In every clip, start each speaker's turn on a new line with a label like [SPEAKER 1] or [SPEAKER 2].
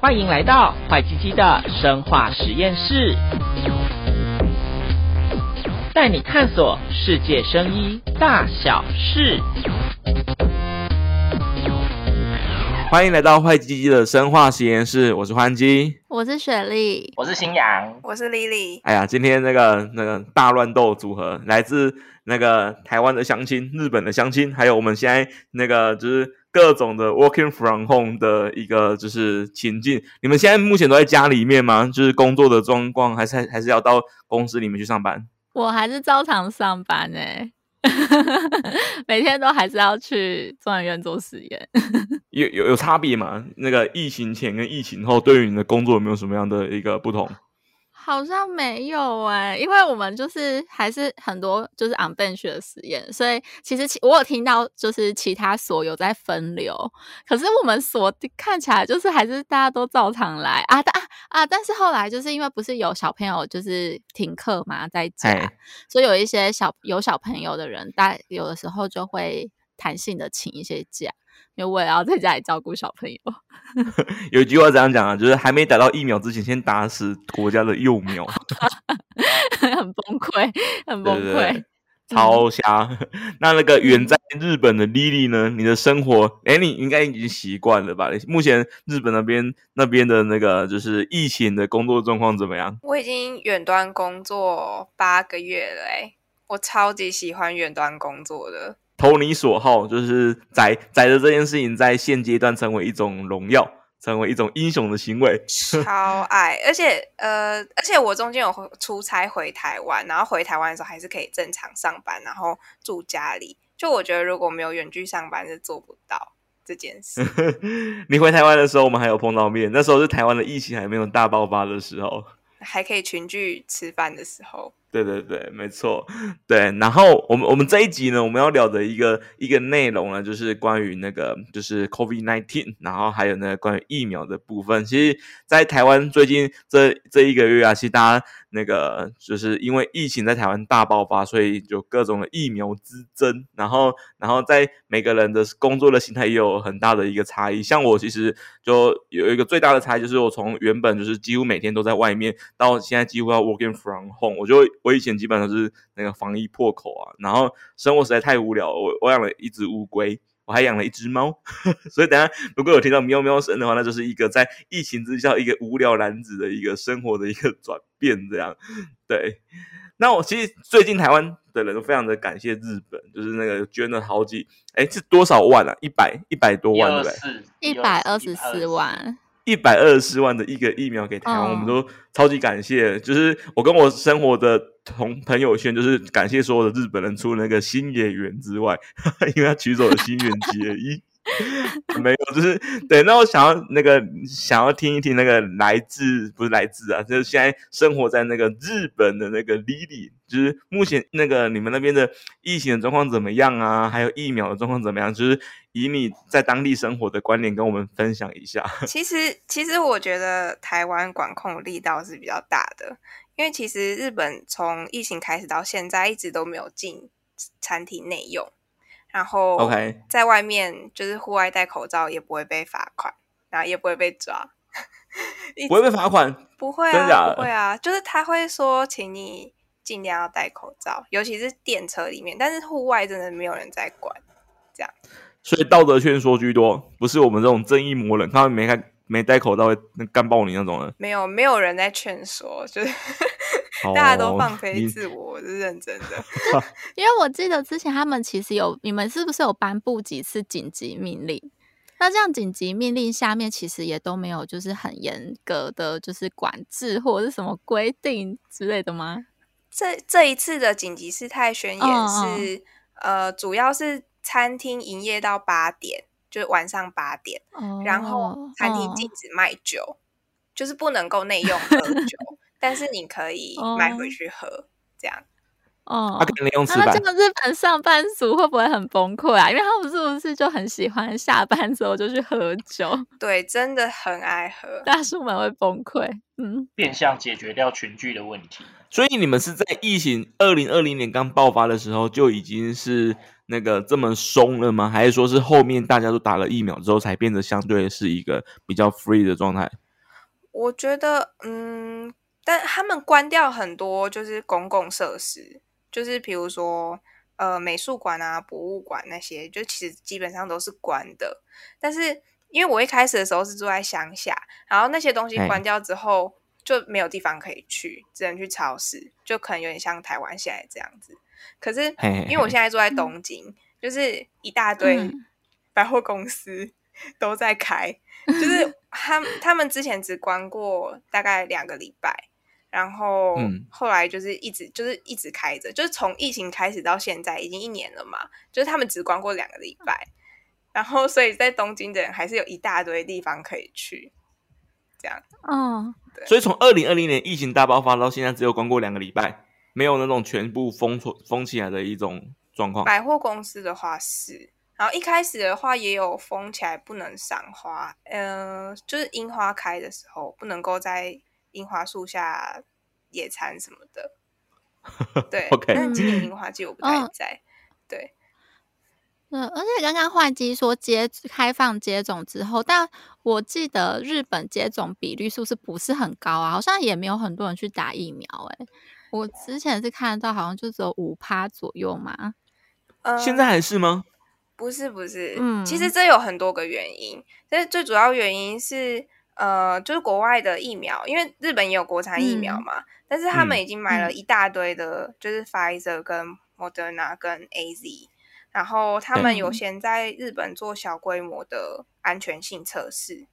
[SPEAKER 1] 歡迎來到壞基基的生化實驗室，帶你探索世界生醫大小事。
[SPEAKER 2] 歡迎來到壞基基的生化實驗室，我是歡雞，
[SPEAKER 3] 我是雪莉，我是新陽，我是莉莉。
[SPEAKER 2] 哎呀，今天那個那個大亂鬥組合，來自那個台灣的鄉親，日本的鄉親，還有我們現在那個就是。各種的 working from home 的一個就是情境，你們現在目前都在家裡面嗎？就是工作的狀況，還是還是要到公司裡面去上班？
[SPEAKER 3] 我還是照常上班哎、欸， 每天都還是要去中研院做實驗 。
[SPEAKER 2] 有有有差別嗎？那個疫情前跟疫情後，對於你的工作有沒有什麼樣的一個不同？
[SPEAKER 3] 好像沒有哎、欸，因為我們就是還是很多就是 on bench 的實驗，所以其實其我有聽到就是其他所有在分流，可是我們所看起來就是還是大家都照常來啊，但啊但是後來就是因為不是有小朋友就是停課嘛，在家，哎、所以有一些小有小朋友的人，但，有的時候就會彈性的請一些假。因為我也要在家裡照顧小朋友。
[SPEAKER 2] 有一句話這樣講啊，就是還沒打到疫苗之前，先打死國家的幼苗。
[SPEAKER 3] 很崩潰，很崩潰，
[SPEAKER 2] 超瞎。 那那個遠在日本的 Lily 呢？你的生活，哎、欸，你應該已經習慣了吧？目前日本那邊那邊的那個就是疫情的工作狀況怎麼樣？
[SPEAKER 4] 我已經遠端工作八個月了、欸，誒我超級喜歡遠端工作的。
[SPEAKER 2] 投你所好，就是宅宅的這件事情，在現階段成為一種榮耀，成為一種英雄的行為，
[SPEAKER 4] 超愛！而且呃，而且我中間有出差回台灣，然後回台灣的時候還是可以正常上班，然後住家裡。就我覺得，如果沒有遠距上班，是做不到這件事。
[SPEAKER 2] 你回台灣的時候，我們還有碰到面，那時候是台灣的疫情還沒有大爆發的時候，
[SPEAKER 4] 還可以群聚吃飯的時候。
[SPEAKER 2] 對對對，沒錯，對。然後我們我們這一集呢，我們要聊的一個一個內容呢，就是關於那個就是 COVID nineteen，然後還有呢關於疫苗的部分。其實，在台灣最近這這一個月啊，其實大家那個就是因為疫情在台灣大爆發，所以就各種的疫苗之爭。然後然後在每個人的工作的心態也有很大的一個差異。像我其實就有一個最大的差異，就是我從原本就是幾乎每天都在外面，到現在幾乎要 working from home，我就會。我以前基本上就是那個防疫破口啊，然後生活實在太無聊，我我養了一隻烏龜，我還養了一只貓， 所以等下如果有聽到喵喵聲的話，那就是一個在疫情之下一個無聊男子的一個生活的一個轉變，這樣對。那我其實最近台灣的人都非常的感謝日本，就是那個捐了好幾，哎、欸、這多少萬啊？一百一百多萬對不對？
[SPEAKER 3] 一百二十四萬。
[SPEAKER 2] 一百二十萬的一個疫苗給台灣，oh. 我們都超級感謝。就是我跟我生活的同朋友圈，就是感謝所有的日本人，除了那個星野源之外，呵呵，因為他娶走了新垣結衣而已。 沒有，就是對。那我想要那個，想要聽一聽那個來自不是來自啊，就是現在生活在那個日本的那個 Lily，就是目前那個你們那邊的疫情的狀況怎麼樣啊？還有疫苗的狀況怎麼樣？就是以你在當地生活的觀點跟我們分享一下。
[SPEAKER 4] 其實，其實我覺得台灣管控力道是比較大的，因為其實日本從疫情開始到現在，一直都沒有禁餐廳內用。然後，在外面就是戶外戴口罩也不會被罰款，Okay. 然後也不會被抓， 真假的 不會被罰款，不會啊，真假的，不會啊，就是他會說，請你盡量要戴口罩，尤其是電車裡面，但是戶外真的沒有人在管，這樣，
[SPEAKER 2] 所以道德勸說居多，不是我們這種正義魔人，他們沒戴沒戴口罩會幹爆你那種人，
[SPEAKER 4] 沒有，沒
[SPEAKER 3] 有人在勸說，就是。 大家都放飛自我，oh, you 我是認真的。 因為我記得之前他們其實有，你們是不是有頒布幾次緊急命令？那這樣緊急命令下面其實也都沒有，就是很嚴格的就是管制或者是什麼規定之類的嗎？
[SPEAKER 4] 這這一次
[SPEAKER 3] 的緊急事
[SPEAKER 4] 態宣言是，oh, oh. 呃，主要是餐廳營業到八點，就是晚上八點
[SPEAKER 3] ，oh, 然後餐廳禁
[SPEAKER 4] 止賣酒，oh. 就是不能夠內用喝酒。 但是你可以買
[SPEAKER 3] 回去喝，哦、這樣哦。啊、他可能用紙板。那這個日本上班族會不會很崩潰啊？因為他們是不是就很喜歡下班之後就去喝酒？對，真的很愛喝。大叔們會崩潰。嗯，
[SPEAKER 1] 變相解決掉群聚的問題。
[SPEAKER 2] 所以你們是在疫情二零二零年剛爆發的時候就已經是那個這麼鬆了嗎？還是說是後面大家都打了疫苗之後才變得相對是一個比較 free 的狀態？
[SPEAKER 4] 我覺得，嗯。但他們關掉很多，就是公共設施，就是比如說呃美術館啊、博物館那些，就其實基本上都是關的。但是因為我一開始的時候是住在鄉下，然後那些東西關掉之後嘿就沒有地方可以去，只能去超市，就可能有點像台灣現在這樣子。可是因為我現在住在東京，嘿嘿就是一大堆百貨公司都在開，嗯、就是他們他們之前只關過大概兩個禮拜。然後後來就是一直、嗯、就是一直開着，就是從疫情開始到現在已經一年了嘛。就是他們只關過兩個禮拜，然後所以在東京的人還是有一大堆地方可以去。這樣，哦，
[SPEAKER 3] 對。所
[SPEAKER 2] 以從二零二零年疫情大爆發到現在，只有關過兩個禮拜，沒有那種全部封封起來的一種狀況。百
[SPEAKER 4] 貨公司的話是，然後一開始的話也有封起來，不能賞花，嗯、呃，就是櫻花開的時候不能夠在。櫻花樹下野餐什麼的， 對。OK。但今年櫻花季我不太在。嗯、對。
[SPEAKER 3] 嗯，而且剛剛換機說接開放接種之後，但我記得日本接種比率是不是不是很高啊？好像也沒有很多人去打疫苗哎、欸。我之前是看得到，好像就只有五趴左右嘛。嗯。現在還是嗎？
[SPEAKER 4] 不是不是，嗯。其實這有很多個原因，但最主要原因是。呃，就是國外的疫苗，因為日本也有國產疫苗嘛，嗯、但是他們已經買了一大堆的，就是 Pfizer 跟莫德 a 跟 A Z，、嗯、然後他們有先在日本做小規模的安全性測試，嗯、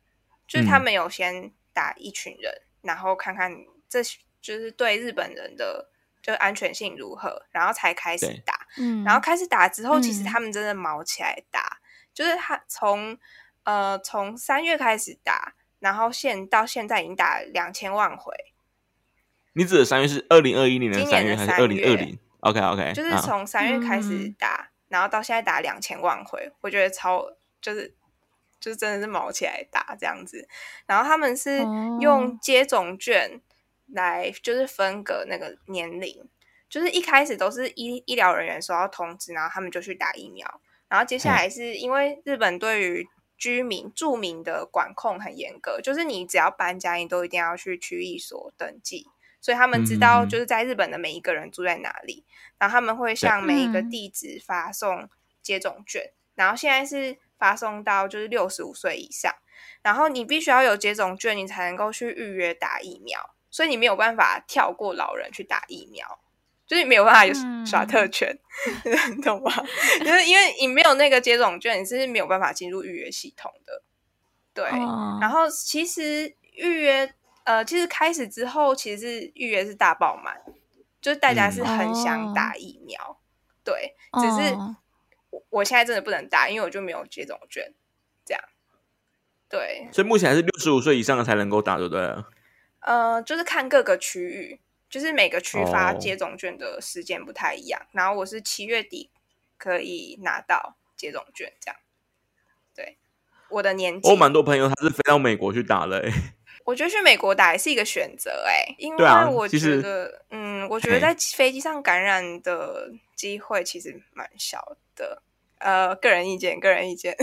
[SPEAKER 4] 就是他們有先打一群人，嗯、然後看看這就是對日本人的就安全性如何，然後才開始打。嗯，然後開始打之後，其實他們真的毛起來打，嗯、就是他從呃從三月開始打。然後現到現在已經打兩千萬回。
[SPEAKER 2] 你指的三月是二零二一年的三月還是二零二零？OK OK，就是從
[SPEAKER 4] 三月開始打，嗯、然後到現在打兩千萬回，我覺得超就是就是真的是卯起來打這樣子。然後他們是用接種券來就是分隔那個年齡，哦、就是一開始都是醫醫療人員收到通知，然後他們就去打疫苗，然後接下來是因為日本對於居民住民的管控很嚴格，就是你只要搬家，你都一定要去區役所登記，所以他們知道就是在日本的每一個人住在哪裡，然後他們會向每一個地址發送接種券，嗯、然後現在是發送到就是六十五歲以上，然後你必須要有接種券，你才能夠去預約打疫苗，所以你沒有辦法跳過老人去打疫苗。就是沒有辦法耍特權，嗯、 你懂嗎？就是因為你沒有那個接種券，你是沒有辦法進入預約系統的。對，嗯、然後其實預約，呃，其實開始之後，其實預約是大爆滿，就是大家是很想打疫苗，嗯、對。嗯、只是我現在真的不能打，因為我就沒有接種券，這樣。對。
[SPEAKER 2] 所以目前還是六十五歲以上的才能夠打對，對不對？
[SPEAKER 4] 呃，就是看各個區域。就是每個區發接種券的時間不太一樣，oh. 然後我是七月底可以拿到接種券，這樣。對，我的年紀。我
[SPEAKER 2] 蠻多朋友他是飛到美國去打的、欸。
[SPEAKER 4] 我覺得去美國打也是一個選擇哎、欸，因為我覺得、啊、嗯，我覺得在飛機上感染的機會其實蠻小的，嘿呃，個人意見，個人意見，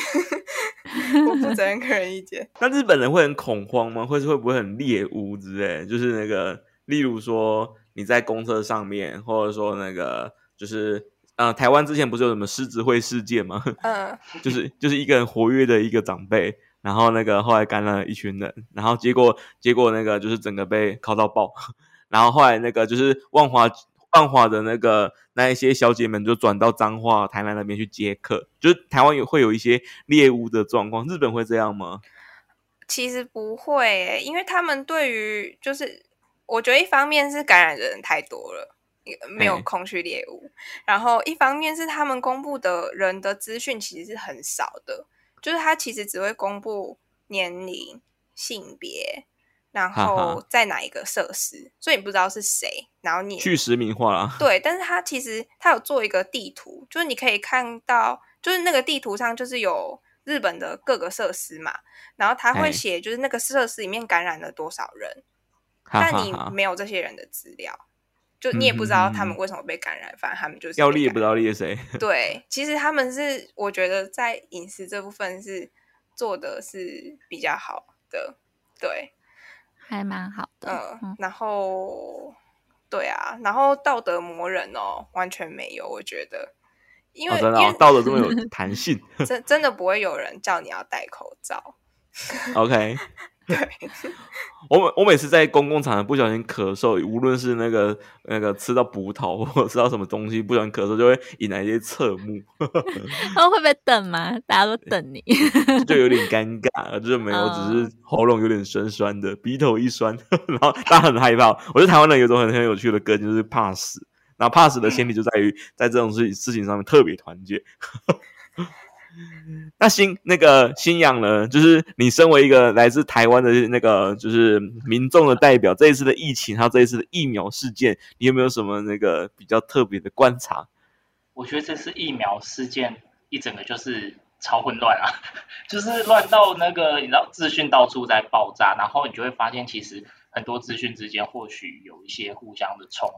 [SPEAKER 4] 我負責任個人意見。
[SPEAKER 2] 那日本人會很恐慌嗎？或是會不會很獵巫之類？就是那個。例如說，你在公車上面，或者說那個就是，呃，台灣之前不是有什麼獅子會事件嗎？嗯，就是就是一個人活躍的一個長輩，然後那個後來感染了一群人，然後結果結果那個就是整個被拷到爆，然後後來那個就是萬華萬華的那個那一些小姐們就轉到彰化、台南那邊去接客，就是台灣有會有一些獵物的狀況，日本會這樣嗎？
[SPEAKER 4] 其實不會耶，因為他們對於就是。我覺得一方面是感染的人太多了，沒有空去獵巫。嘿然後一方面是他們公布的人的資訊其實是很少的，就是他其實只會公布年齡、性別，然後在哪一個設施，哈哈，所以你不知道是誰。然後你去
[SPEAKER 2] 實名化了。
[SPEAKER 4] 對，但是他其實他有做一個地圖，就是你可以看到，就是那個地圖上就是有日本的各個設施嘛，然後他會寫就是那個設施裡面感染了多少人。
[SPEAKER 2] 但你沒
[SPEAKER 4] 有這些人的資料，就你也不知道他們為什麼被感染犯。反正、嗯嗯、他們就是要
[SPEAKER 2] 列也不知道列誰。對，
[SPEAKER 4] 其實他們是我覺得在隱私這部分是做的是比較好的，對，
[SPEAKER 3] 還蠻好的、呃。
[SPEAKER 4] 然後，對啊，然後道德魔人哦，完全沒有。我覺得，因為、哦、真的、哦、因為道德這麼有
[SPEAKER 2] 彈性， 真
[SPEAKER 4] 真的不會有人叫你要戴口罩。
[SPEAKER 2] OK。對，我每我每次在公共場合不小心咳嗽，無論是那個那個吃到葡萄或者吃到什麼東西，不小心咳嗽就會引來一些側目。
[SPEAKER 3] 他 們會不會瞪嗎？大家都瞪你， 就，就有點尷
[SPEAKER 2] 尬。就是沒有，oh. 只是喉嚨有點酸酸的，鼻頭一酸，然後大家很害怕。我覺得台灣人有一種很很有趣的個性就是怕死，那怕死的前提就在於在這種事事情上面特別團結。 那新那個新陽呢？就是你身為一個來自台灣的那個就是民眾的代表，這一次的疫情還有這一次的疫苗事件，你有沒有什麼那個比較特別的觀察？
[SPEAKER 1] 我覺得這次疫苗事件一整個就是超混亂啊，就是亂到那個，你知道，資訊到處在爆炸，然後你就會發現其實很多資訊之間或許有一些互相的衝，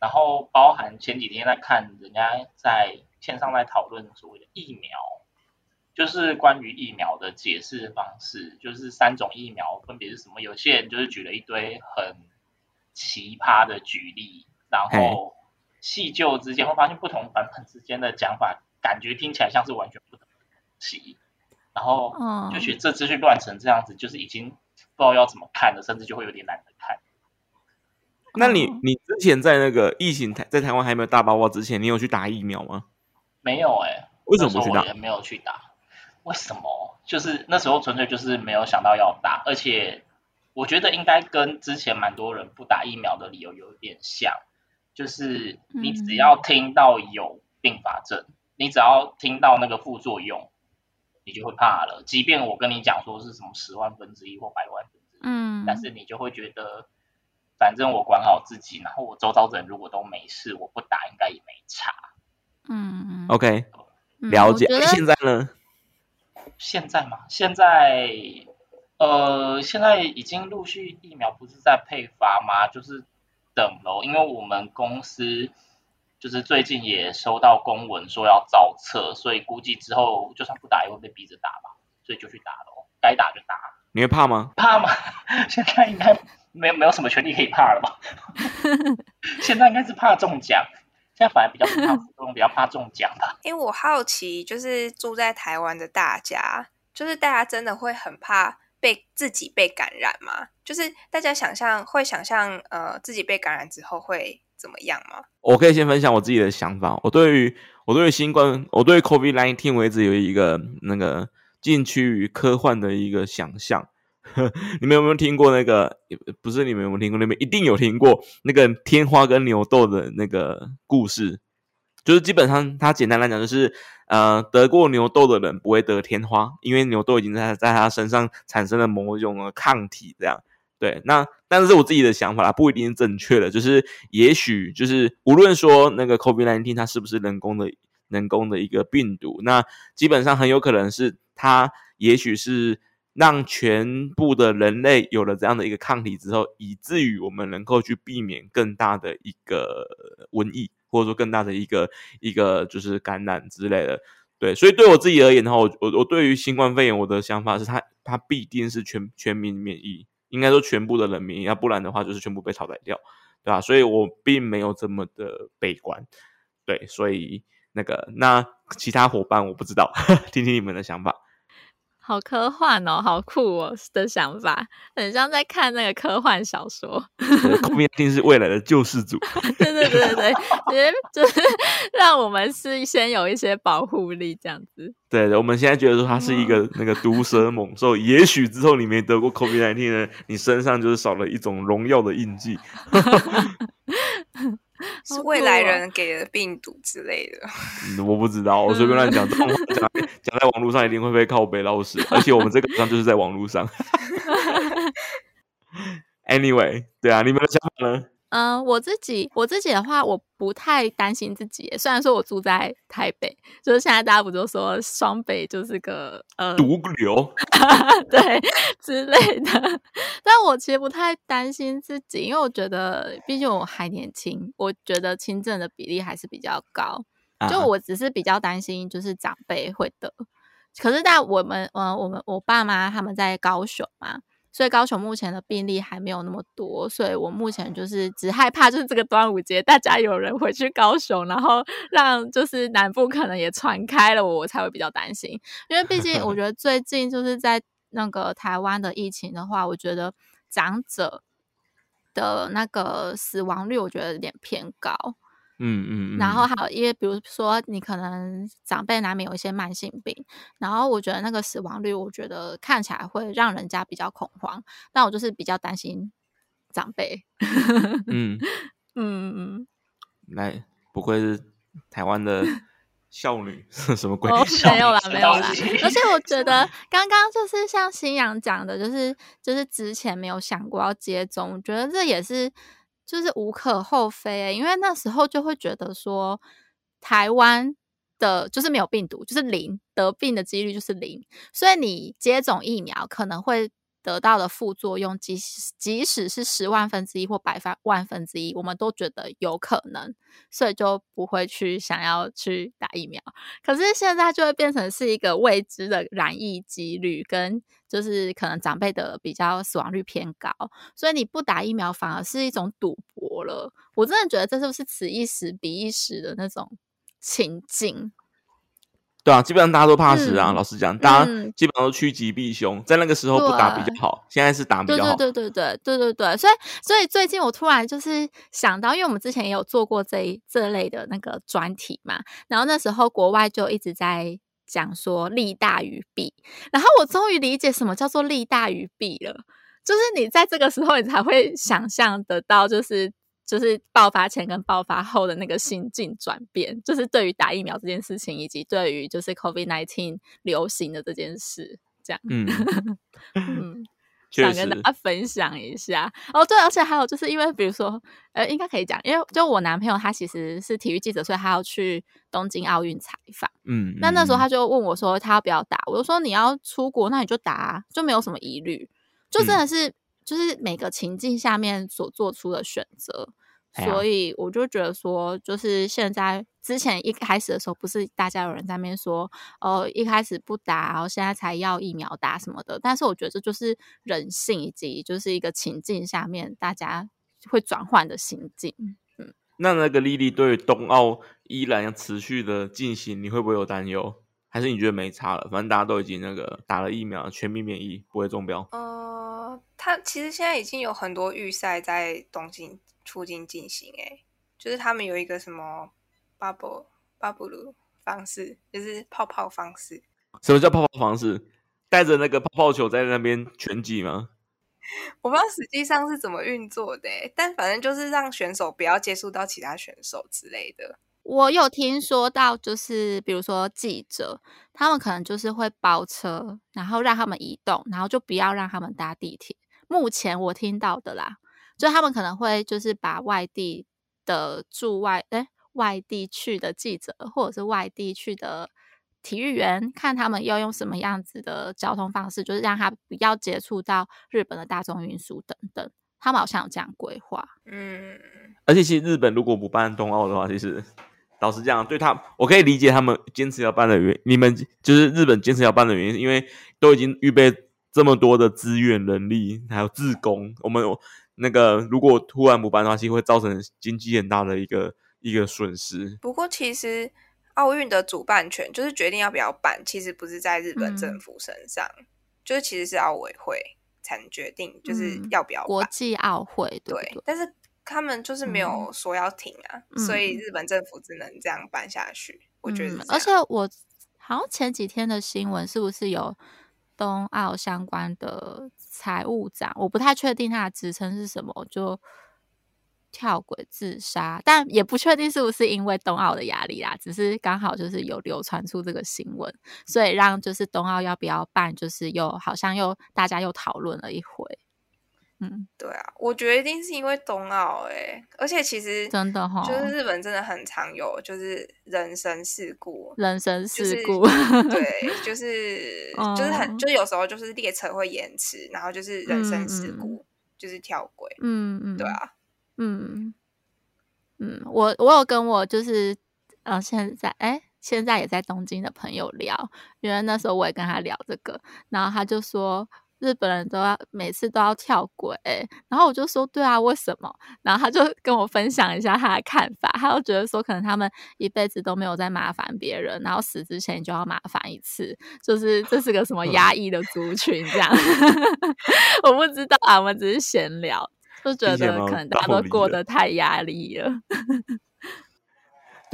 [SPEAKER 1] 然後包含前幾天在看人家在。線上在討論所謂的疫苗，就是關於疫苗的解釋方式，就是三種疫苗分別是什麼？有些人就是舉了一堆很奇葩的舉例，然後細究之間會發現不同版本之間的講法，感覺聽起來像是完全不同。然後就覺得這資訊亂成這樣子，就是已經不知道要怎麼看了，甚至就會有點懶得看。
[SPEAKER 2] 那你你之前在那個疫情台在台灣還沒有大爆發之前，你有去打疫苗嗎？
[SPEAKER 1] 沒有哎、欸，為什麼不知道？沒有去打，為什麼？就是那時候純粹就是沒有想到要打，而且我覺得應該跟之前蠻多人不打疫苗的理由有一點像，就是你只要聽到有併發症，嗯、你只要聽到那個副作用，你就會怕了。即便我跟你講說是什麼十萬分之一或百萬分之一，
[SPEAKER 3] 嗯、但是
[SPEAKER 1] 你就會覺得，反正我管好自己，然後我周遭的人如果都沒事，我不打應該也沒差。
[SPEAKER 2] 嗯，OK，了解。啊，現在呢？
[SPEAKER 1] 現在嗎？現在，呃，現在已經陸續疫苗不是在配發嗎？就是等咯因為我們公司就是最近也收到公文說要造冊，所以估計之後就算不打也會被逼着打吧。所以就去打了，該打就打。
[SPEAKER 2] 你會怕嗎？
[SPEAKER 1] 怕嗎？現在應該沒沒有什麼權利可以怕了吧？ 現在應該是怕中獎。現在反而比較不怕中，比較怕中
[SPEAKER 4] 獎吧。 因為我好奇，就是住在台灣的大家，就是大家真的會很怕被自己被感染嗎？就是大家想象會想象呃自己被感染之後會怎麼樣嗎？
[SPEAKER 2] 我可以先分享我自己的想法。我對於我對於新冠，我對 COVID 19 e 為止有一個那個近趨於科幻的一個想象。 你們有沒有聽過那個？不是你們有沒有聽過？你們一定有聽過那個天花跟牛痘的那個故事。就是基本上，它簡單來講，就是呃，得過牛痘的人不會得天花，因為牛痘已經在在他身上產生了某種抗體。這樣對，那但是我自己的想法啦，不一定正確的。就是也許，就是無論說那個 COVID nineteen 它是不是人工的、人工的一個病毒，那基本上很有可能是它，也許是。讓全部的人類有了這樣的一個抗體之後，以至於我們能夠去避免更大的一個瘟疫，或者說更大的一個一個就是感染之類的。對，所以對我自己而言的話，我我我對於新冠肺炎我的想法是，它它必定是全全民免疫，應該說全部的人民，要不然的話就是全部被淘汰掉，對吧？所以我並沒有這麼的悲觀。對，所以那個那其他夥伴我不知道，呵聽聽你們的想法。
[SPEAKER 3] 好科幻哦，好酷哦的想法，很像在看那個科幻小說。
[SPEAKER 2] COVID-19 是未來的救世主，
[SPEAKER 3] 對 對對對對， 就是讓我們是先有一些保護力這樣子
[SPEAKER 2] 對。對，我們現在覺得說他是一個那個毒蛇猛獸，哦、所以也許之後你沒得過 COVID-19 呢，你身上就是少了一種榮耀的印記。
[SPEAKER 4] 是、啊、未來人給的病毒之類的、
[SPEAKER 2] 嗯，我不知道，我隨便亂講。這種話講講，在網絡上一定會被靠北老師，而且我們這個上就是在網絡上。 Anyway，對啊，你們的想法呢？
[SPEAKER 3] 嗯、呃，我自己我自己的話，我不太擔心自己。雖然說我住在台北，就是現在大家不都說雙北就是個呃毒
[SPEAKER 2] 瘤流，
[SPEAKER 3] 對之類的，但我其實不太擔心自己，因為我覺得畢竟我還年輕，我覺得輕症的比例還是比較高。啊、就我只是比較擔心，就是長輩會得。可是但我們，嗯、呃，我們我爸媽他們在高雄嘛。所以高雄目前的病例還沒有那麼多，所以我目前就是只害怕就是這個端午節大家有人回去高雄，然後讓就是南部可能也傳開了我，我我才會比較擔心。因為畢竟我覺得最近就是在那個台灣的疫情的話，我覺得長者的那個死亡率我覺得有點偏高。
[SPEAKER 2] 嗯嗯，嗯嗯，然後還有，
[SPEAKER 3] 因為比如說，你可能長輩難免有一些慢性病，然後我覺得那個死亡率，我覺得看起來會讓人家比較恐慌。但我就是比較擔心長輩。嗯嗯， 嗯，
[SPEAKER 2] 來，不愧是台灣的少女，什麼鬼？哦？沒
[SPEAKER 3] 有啦，沒有啦。 而且我覺得剛剛就是像新陽講的，就是就是之前沒有想過要接種，我覺得這也是。就是無可厚非。欸，因為那時候就會覺得說，台灣的就是沒有病毒，就是零，得病的幾率就是零，所以你接種疫苗可能會。得到的副作用，即使即使是十萬分之一或百萬分之一，我們都覺得有可能，所以就不會去想要去打疫苗。可是現在就會變成是一個未知的染疫幾率，跟就是可能長輩的比較死亡率偏高，所以你不打疫苗反而是一種賭博了。我真的覺得這是不是此一時彼一時的那種情景？
[SPEAKER 2] 對啊，基本上大家都怕死啊。嗯、老實講，大家基本上都趨吉避凶，嗯、在那個時候不打比較好。對現在是打比較好。對
[SPEAKER 3] 對對對對對對，所以所以最近我突然就是想到，因為我們之前也有做過這這類的那個專題嘛，然後那時候國外就一直在講說利大於弊，然後我終於理解什麼叫做利大於弊了，就是你在這個時候你才會想象得到，就是。就是爆發前跟爆發後的那個心境轉變，就是對於打疫苗這件事情，以及對於就是 COVID-19 流行的這件事，這樣，嗯， 嗯，確實。想跟大家分享一下。哦，對，而且還有就是因為，比如說，呃，應該可以講，因為就我男朋友他其實是體育記者，所以他要去東京奧運採訪，嗯，那那時候他就問我說，他要不要打？嗯，我就說，你要出國，那你就打啊，就沒有什麼疑慮，就真的是，嗯，就是每個情境下面所做出的選擇。所以我就覺得說，就是現在之前一開始的時候，不是大家有人在那邊說，哦、呃，一開始不打，然後現在才要疫苗打什麼的。但是我覺得這就是人性，以及就是一個情境下面大家會轉換的心境。
[SPEAKER 2] 嗯，那那個莉莉對於冬奧依然要持續的進行，你會不會有擔憂？還是你覺得沒差了？反正大家都已經那個打了疫苗，全民免疫，不會中標。
[SPEAKER 4] 哦、呃。他其實現在已經有很多預賽在東京附近進，進行，誒，就是他們有一個什麼 bubble bubble 方式，就是泡泡方式。
[SPEAKER 2] 什麼叫泡泡方式？帶着那個泡泡球在那邊拳擊嗎？
[SPEAKER 4] 我不知道實際上是怎麼運作的，但反正就是讓選手不要接觸到其他選手之類的。
[SPEAKER 3] 我有聽說到，就是比如說記者，他們可能就是會包車，然後讓他們移動，然後就不要讓他們搭地鐵。目前我聽到的啦，就他們可能會就是把外地的駐外誒外地去的記者或者是外地去的體育員，看他們要用什麼樣子的交通方式，就是讓他不要接觸到日本的大眾運輸等等。他們好像有這樣規劃。嗯，
[SPEAKER 2] 而且其實日本如果不辦東奧的話，其實。老這樣對他，我可以理解他們堅持要辦的原，你們就是日本堅持要辦的原因，是因為都已經預備這麼多的資源、人力，還有志工。我們有那個如果突然不辦的話，其實會造成經濟很大的一個一個損失。
[SPEAKER 4] 不過，其實奧運的主辦權就是決定要不要辦，其實不是在日本政府身上，嗯、就是其實是奧委會才能決定就是要不要辦、嗯、國
[SPEAKER 3] 際奧會，對，對不對？但是。
[SPEAKER 4] 他們就是沒有說要停啊，嗯、所以日本政府只能這樣辦下去。嗯、
[SPEAKER 3] 我覺得，而且我好像前幾天的新聞是不是有東奧相關的財務長？我不太確定他的職稱是什麼，我就跳軌自殺，但也不確定是不是因為東奧的壓力啦。只是剛好就是有流傳出這個新聞，所以讓就是東奧要不要辦，就是又好像又大家又討論了一回。嗯，對啊，
[SPEAKER 4] 我覺得一定是因為冬奧哎，而且其實真的哈，就是日本真的很常有就是人身事故，人身事故，對，就是就是很，哦、就有時候就是列車會延遲，然後就是人身事故，嗯嗯就是跳軌，嗯
[SPEAKER 3] 嗯，對啊，嗯嗯，嗯我我有跟我就是呃現在哎現在也在東京的朋友聊，原來那時候我也跟他聊這個，然後他就說。日本人都要每次都要跳軌，欸，然後我就說：“對啊，為什麼？”然後他就跟我分享一下他的看法，他又覺得說，可能他們一輩子都沒有在麻煩別人，然後死之前就要麻煩一次，就是這是個什麼壓抑的族群這樣， 我不知道啊，我們只是閒聊，就覺得可能大家都過得太壓力了。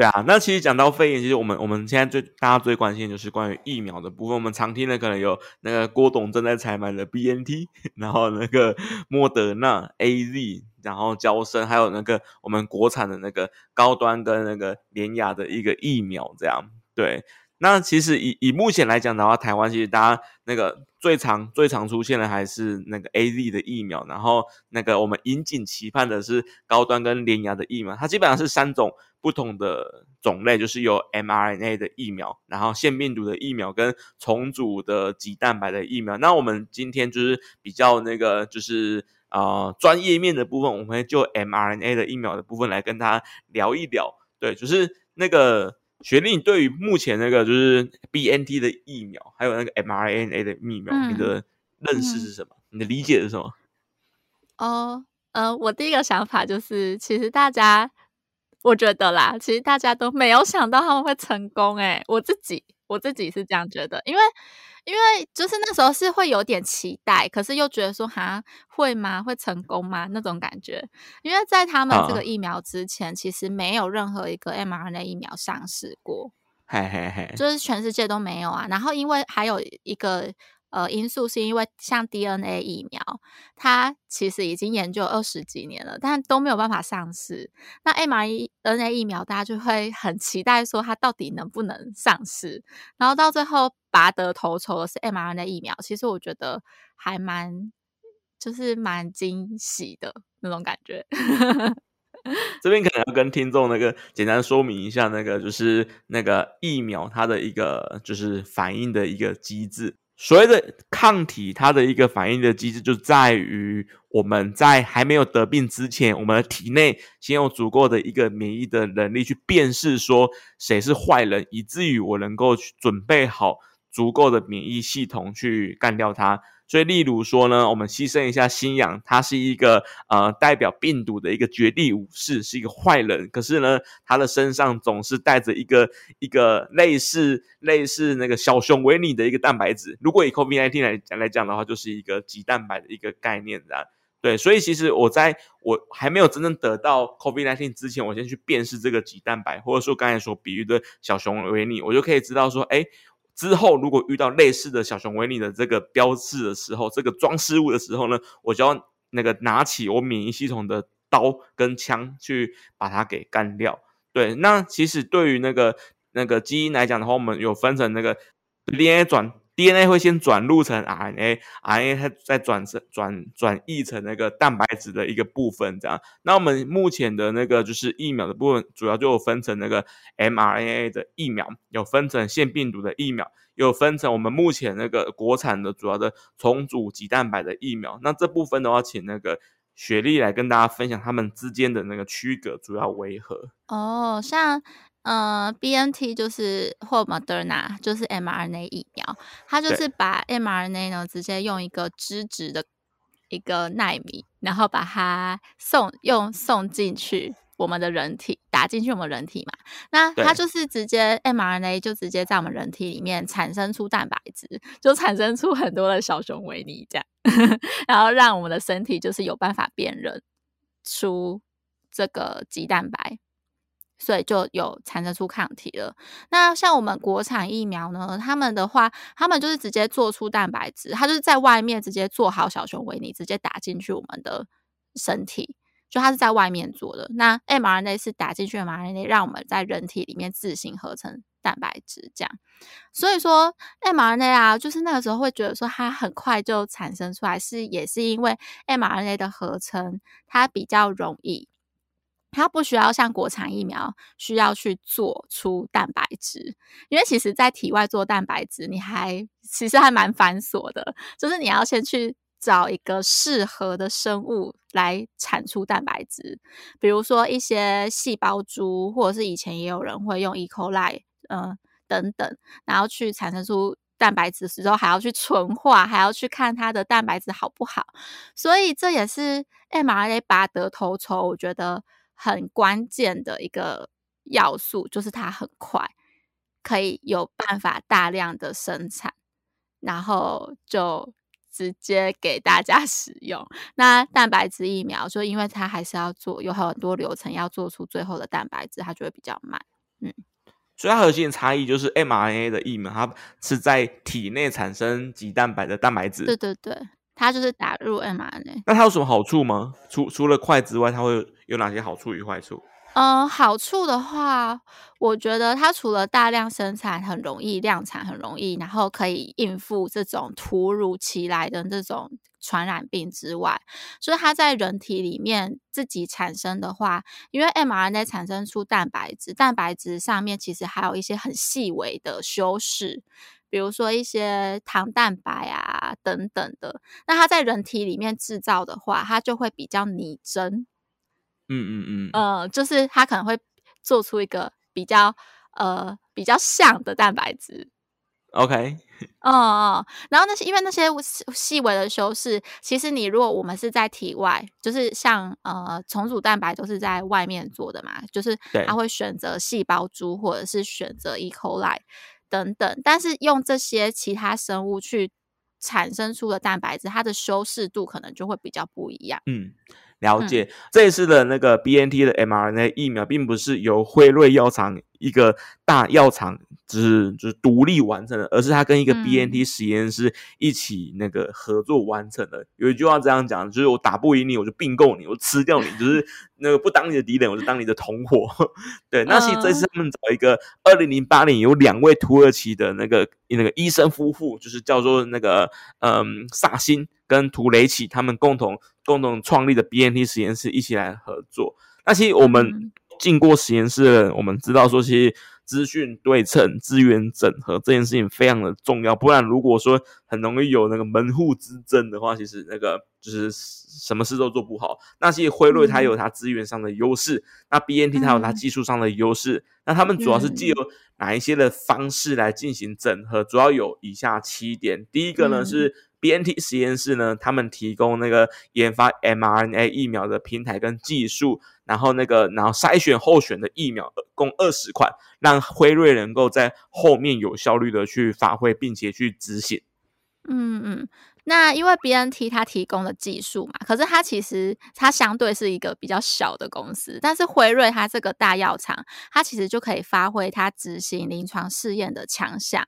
[SPEAKER 2] 對啊，那其實講到肺炎，其實我們我們現在最大家最關心的就是關於疫苗的部分。我們常聽的可能有那個郭董正在採買的 BNT，然後那個莫德納 AZ，然後嬌生，還有那個我們國產的那個高端跟那個聯亞的一個疫苗，這樣對。那其實以以目前來講的話，台灣其實大家那個最常最常出現的還是那個 A Z 的疫苗，然後那個我們引頸期盼的是高端跟聯亞的疫苗，它基本上是三種不同的種類，就是有 m R N A 的疫苗，然後腺病毒的疫苗跟重組的棘蛋白的疫苗。那我們今天就是比較那個就是啊、呃、專業面的部分，我們會就 m R N A 的疫苗的部分來跟他聊一聊，對，就是那個。雪莉，學你對於目前那個就是 B N T 的疫苗，還有那個 M R N A 的疫苗，嗯、你的認識是什麼？嗯、你的理解是什麼？哦、
[SPEAKER 3] 呃，呃，我第一個想法就是，其實大家，我覺得啦，其實大家都沒有想到他們會成功、欸，哎，我自己，我自己是這樣覺得，因為。因為就是那時候是會有點期待，可是又覺得說哈會嗎？會成功嗎？那種感覺。因為在他們這個疫苗之前，oh. 其實沒有任何一個 mRNA 疫苗上市過
[SPEAKER 2] ，hey, hey, hey. 就是
[SPEAKER 3] 全世界都沒有啊。然後因為還有一個。呃，因素是因為像 DNA 疫苗，它其實已經研究二十幾年了，但都沒有辦法上市。那 mRNA 疫苗，大家就會很期待說它到底能不能上市。然後到最後拔得頭籌的是 mRNA 疫苗，其實我覺得還蠻，就是蠻驚喜的那種感覺。
[SPEAKER 2] 這邊可能要跟聽眾那個簡單說明一下，那個就是那個疫苗它的一個就是反應的一個機制。所謂的抗體，它的一個反應的機制，就在於我們在還沒有得病之前，我們的體內先有足夠的一個免疫的能力去辨識說誰是壞人，以至於我能夠去準備好足夠的免疫系統去幹掉它。所以，例如說呢，我們犧牲一下信仰，他是一個呃代表病毒的一個絕地武士，是一個壞人。可是呢，他的身上總是帶着一個一個類似類似那個小熊維尼的一個蛋白質。如果以 COVID-19 來講來講的話，就是一個棘蛋白的一個概念這樣，然對。所以，其實我在我還沒有真正得到 COVID-19 之前，我先去辨識這個棘蛋白，或者說剛才所比喻的小熊維尼，我就可以知道說，哎、欸。之後，如果遇到類似的小熊維尼的這個標誌的時候，這個裝飾物的時候呢，我就要那個拿起我免疫系統的刀跟槍去把它給幹掉。對，那其實對於那個那個基因來講的話，我們有分成那個連轉。DNA 會先轉錄成 RNA，RNA 它 RNA 再轉成轉轉譯成那個蛋白質的一個部分。這樣，那我們目前的那個就是疫苗的部分，主要就分成那個 mRNA 的疫苗，有分成腺病毒的疫苗，有分成我們目前那個國產的主要的重組棘蛋白的疫苗。那這部分的話，請那個雪莉來跟大家分享他們之間的那個區隔主要為何
[SPEAKER 3] 哦，像。呃，B N T 就是或 Moderna，就是 m R N A 疫苗，它就是把 m R N A 呢對直接用一個脂質的一個奈米，然後把它送用送進去我們的人體，打進去我們人體嘛。那它就是直接 m R N A 就直接在我們人體裡面產生出蛋白質，就產生出很多的小熊維尼這樣，呵呵然後讓我們的身體就是有辦法辨認出這個棘蛋白。所以就有產生出抗體了。那像我們國產疫苗呢，他們的話，他們就是直接做出蛋白質，它就是在外面直接做好小熊維尼，直接打進去我們的身體，就它是在外面做的。那 mRNA 是打進去的 mRNA，讓我們在人體裡面自行合成蛋白質。這樣，所以說 mRNA 啊，就是那個時候會覺得說它很快就產生出來，是也是因為 mRNA 的合成它比較容易。它不需要像國產疫苗需要去做出蛋白質，因為其實在體外做蛋白質，你還其實還蠻繁瑣的，就是你要先去找一個適合的生物來產出蛋白質，比如說一些細胞株，或者是以前也有人會用 E.coli，嗯、呃，等等，然後去產生出蛋白質的時候還要去純化，還要去看它的蛋白質好不好，所以這也是 mRNA 拔得頭籌，我覺得。很關鍵的一個要素就是它很快，可以有辦法大量的生產，然後就直接給大家使用。那蛋白質疫苗就因為它還是要做有很多流程，要做出最後的蛋白質，它就會比較慢。嗯，
[SPEAKER 2] 最核心的差異就是 mRNA 的疫苗，它是在體內產生棘蛋白的蛋白質。對
[SPEAKER 3] 對對。它就是打入 mRNA，
[SPEAKER 2] 那它有什麼好處嗎？除除了快之外，它會有哪些好處與壞處？嗯、
[SPEAKER 3] 呃，好處的話，我覺得它除了大量生產，很容易量產，很容易，然後可以應付這種突如其來的這種傳染病之外，所以它在人體裡面自己產生的話，因為 mRNA 產生出蛋白質，蛋白質上面其實還有一些很細微的修飾。比如說一些糖蛋白啊等等的，那它在人體裡面製造的話，它就會比較擬真。嗯嗯嗯，呃，就是它可能會做出一個比較呃比較像的蛋白質。
[SPEAKER 2] OK。
[SPEAKER 3] 嗯嗯，然後那些因為那些細微的修飾，其實你如果我們是在體外，就是像呃重組蛋白都是在外面做的嘛，就是它會選擇細胞株或者是選擇 E.coli。等等，但是用這些其他生物去產生出的蛋白質，它的修飾度可能就會比較不一樣。嗯，
[SPEAKER 2] 了解。嗯，這一次的那個 BNT 的 mRNA 疫苗，並不是由輝瑞藥廠。一個大藥廠只、就是就是獨立完成的，而是他跟一個 B N T 實驗室一起那個合作完成的。嗯、有一句話這樣講，就是我打不贏你，我就併購你，我吃掉你， 就是那個不當你的敵人，我就當你的同夥。 對，那其實這次他們找一個二零零八年有兩位土耳其的那個那個醫生夫婦，就是叫做那個嗯薩辛跟圖雷奇，他們共同共同創立的 B N T 實驗室一起來合作。那其實我們、嗯。進過實驗室的人，我們知道說其實資訊對稱、資源整合這件事情非常的重要。不然如果說很容易有那個門戶之爭的話，其實那個就是什麼事都做不好。那其實輝瑞它有它資源上的優勢，嗯、那 BNT 它有它技術上的優勢。嗯、那他們主要是借由哪一些的方式來進行整合？嗯、主要有以下七點。第一個呢、嗯、是 BNT 實驗室呢，他們提供那個研發 mRNA 疫苗的平台跟技術。然後那個，然後篩選候選的疫苗，共二十款，讓輝瑞能夠在後面有效率的去發揮，並且去執行。嗯
[SPEAKER 3] 嗯，那因為 BNT 它，提供的技術嘛，可是它其實它相對是一個比較小的公司，但是輝瑞它這個大藥廠，它其實就可以發揮它執行臨床試驗的強項。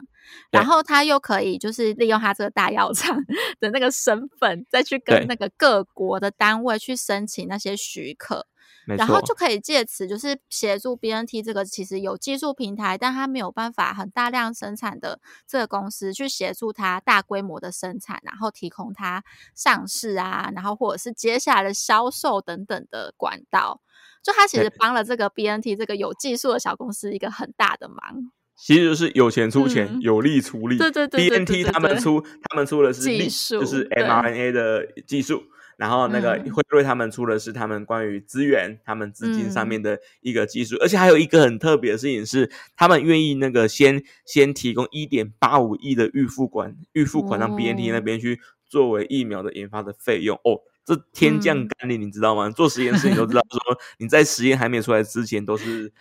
[SPEAKER 3] 然後他又可以就是利用他這個大藥廠的那個身份，再去跟那個各國的單位去申請那些許可，然後就可以借此就是協助 BNT 這個其實有技術平台，但他沒有辦法很大量生產的這個公司去協助他大規模的生產，然後提供他上市啊，然後或者是接下來的銷售等等的管道，就他其實幫了這個 BNT 這個有技術的小公司一個很大的忙。
[SPEAKER 2] 其實就是有錢出錢，嗯、有力出力。對對對，對，對，對，B N T 他們出，對對對對他們出的是技術，就是 m R N A 的技術。對然後那個輝瑞他們出的是他們關於資源、嗯、他們資金上面的一個技術。而且還有一個很特別的事情是，嗯、他們願意那個先先提供一點八五億的預付款，預付款讓 B N T 那邊去作為疫苗的研發的費用。哦，哦，這天降甘霖，你知道嗎？嗯、做實驗室你都知道，說你在實驗還沒出來之前都是。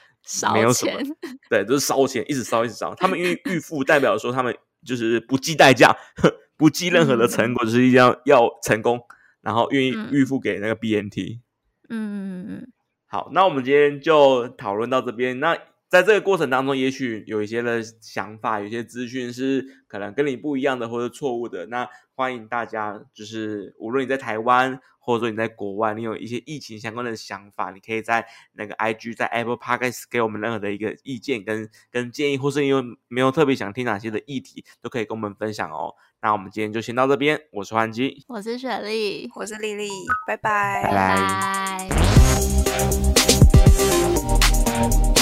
[SPEAKER 2] 沒有什麼，燒錢，對，就是燒錢，一直燒，一直燒。他們因為預付，代表說他們就是不計代價，不計任何的成果，嗯，就是一定要成功，然後願意預付給那個 BNT。嗯。嗯嗯嗯嗯，好，那我們今天就討論到這邊。那在這個過程當中，也許有一些的想法，有些資訊是可能跟你不一樣的，或者錯誤的。那歡迎大家，就是無論你在台灣，或者說你在國外，你有一些疫情相關的想法，你可以在那個 IG，在 Apple Podcast 給我們任何的一個意見跟跟建議，或是因為沒有特別想聽哪些的議題，都可以跟我們分享哦。那我們今天就先到這邊，我是漢姬。
[SPEAKER 3] 我是雪莉，我是麗麗，拜拜，
[SPEAKER 2] 拜拜 bye。Bye bye